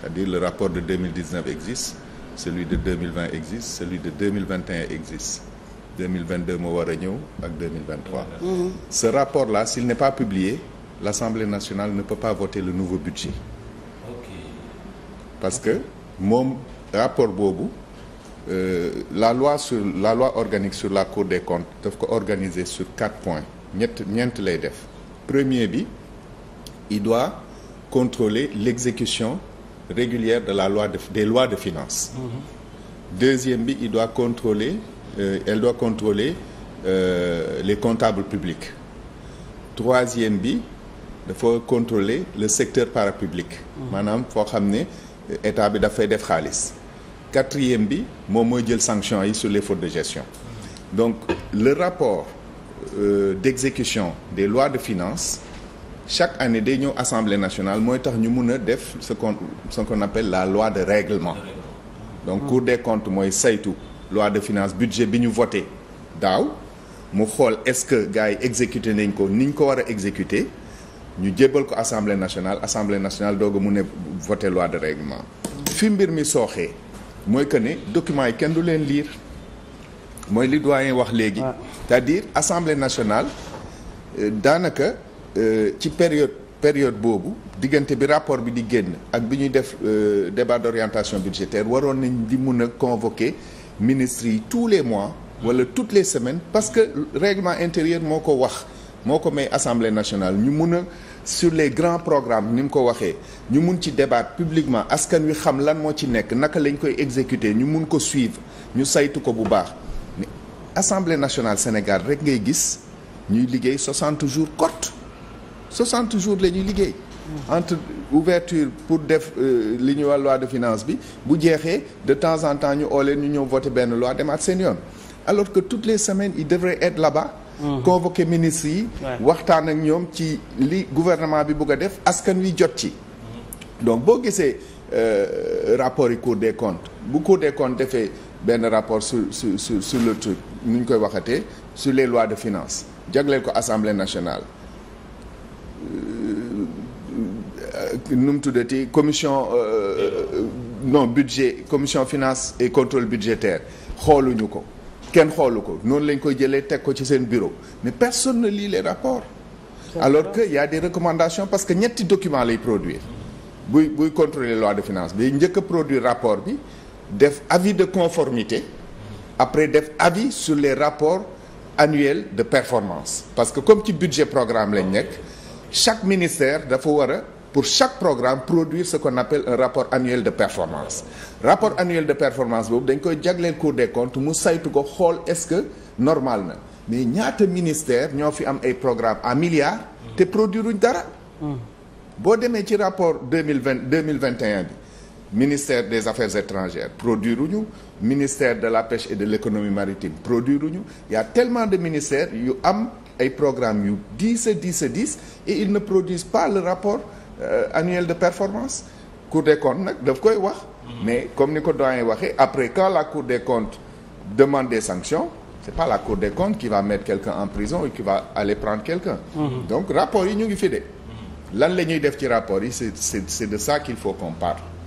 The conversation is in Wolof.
c'est-à-dire le rapport de 2019 existe celui de 2020 existe celui de 2021 existe 2022 moo war a ñëw ak 2023 mm-hmm. ce rapport la s'il n'est pas publié l'Assemblée nationale ne peut pas voter le nouveau budget parce que moom rapport boobu euh, la loi sur organique sur la Cour des comptes daf ko organiser sur quatre points ñett ñeent lay def premier bi il doit contrôler l'exécution régulière de la loi de, des de finances. Mm-hmm. Deuxième bi il doit contrôler euh, elle doit contrôler euh, les comptables publics. Troisième bi dafa contrôler le secteur parapublic. Mm-hmm. maanaam foo xam ne état bi dafay def xaalis. quatrième bi moom mooy jël sanction yi sur les fautes de gestion. Mm-hmm. donc le rapport euh, d'exécution des lois de finances. chaque année day ñëw assemblée nationale mooy tax ñu mun a def ce qu'on ce la loi de règlement donc cour des comptes mooy saytu loi de finances budget bi ñu voté daaw mu xool est-ce que gars yi exécuté nañ ko ni ñu ko war a exécuté ñu jébbal ko assemblée nationale assemblée nationale doog mu ne a voté loi de règlement fi mbir mi sooxee mooy que ne document yi kenn du leen liir mooy li doyen wax léegi c'est-à-dire assemblée nationale euh, daanaka Euh, ci période période boobu diggante bi rapport bi di génn ak bi ñuy def euh, débat d'orientation budgétaire waroon nañ di mun a convoquer ministres yi tous les mois wala toutes les semaines parce que règlement intérieur moo ko wax moo ko may assemblée nationale ñu mun a sur les grands programmes ni mu ko waxee ñu mun ci débattre publiquement askan wi xam lan moo ci nekk naka lañ koy exécuter ñu mun ko suivre ñu saytu ko bu baax mais assemblée nationale Sénégal rek ngay gis ñuy liggéey 60 jours courte 60 jours la ñuy liggéey. entre ouverture pour def euh, li ñu wax loi de finance bi bu jeexee de temps en temps ñu oo leen ñu ñëw voté benn loi demaat seen yoon alors que toutes les semaines ils devraient être là-bas. Mhm. convoquer ministres yi. waxtaan ak ñoom ci li gouvernement bi bëgg a def askan wi jot ci. donc boo gisee euh, rapport yi Cour des comptes bu Cour des comptes defee benn rapport sur sur sur le truc nu ñu koy waxatee sur les lois de finance jagleel ko assemblée nationale. nu mu tuddati commission euh, euh, non budget commission finance et contrôle budgétaire xooluñu ko kenn xoolu ko noonu lañ koy jëlee teg ko ci seen bureau mais personne ne lit les rapports alors que y a des parce que ñetti document lay produire buy buy contrôler loi de finance bi njëkk a produire rapport bi def avis de conformité après def avis sur les rapport annuels de performance parce que comme ci budget programme lañ nekk chaque ministère dafa war a pour chaque programme produire ce qu'on appelle un rapport annuel de performance rapport annuel de performance boobu dañ koy jagleel Cour des comptes mu saytu ko xool est-ce que normal na mais ñaata ministère ñoo fi am ay programme à milliards te produiruñ dara boo demee ci rapport 2020 2021 bi ministère des affaires étrangères produiruñu ministère de la pêche et de l'économie maritime produiruñu y a tellement de ministères yu am ay programmes yu dix a dix a dix et ils le rapport Euh, annuel de performance cour des comptes nag daf koy wax mhm. mais comme ni ko doyen waxee après quand la cour des comptes demande des sanctions c'est pas la cour des comptes qui va mettre quelqu'un en prison ou qui va aller prendre quelqu'un mhm. donc rapport yi ñu ngi fi de mhm. lan la ñuy def ci rapport yi c'est c'est de ça qu'il faut qu'on parle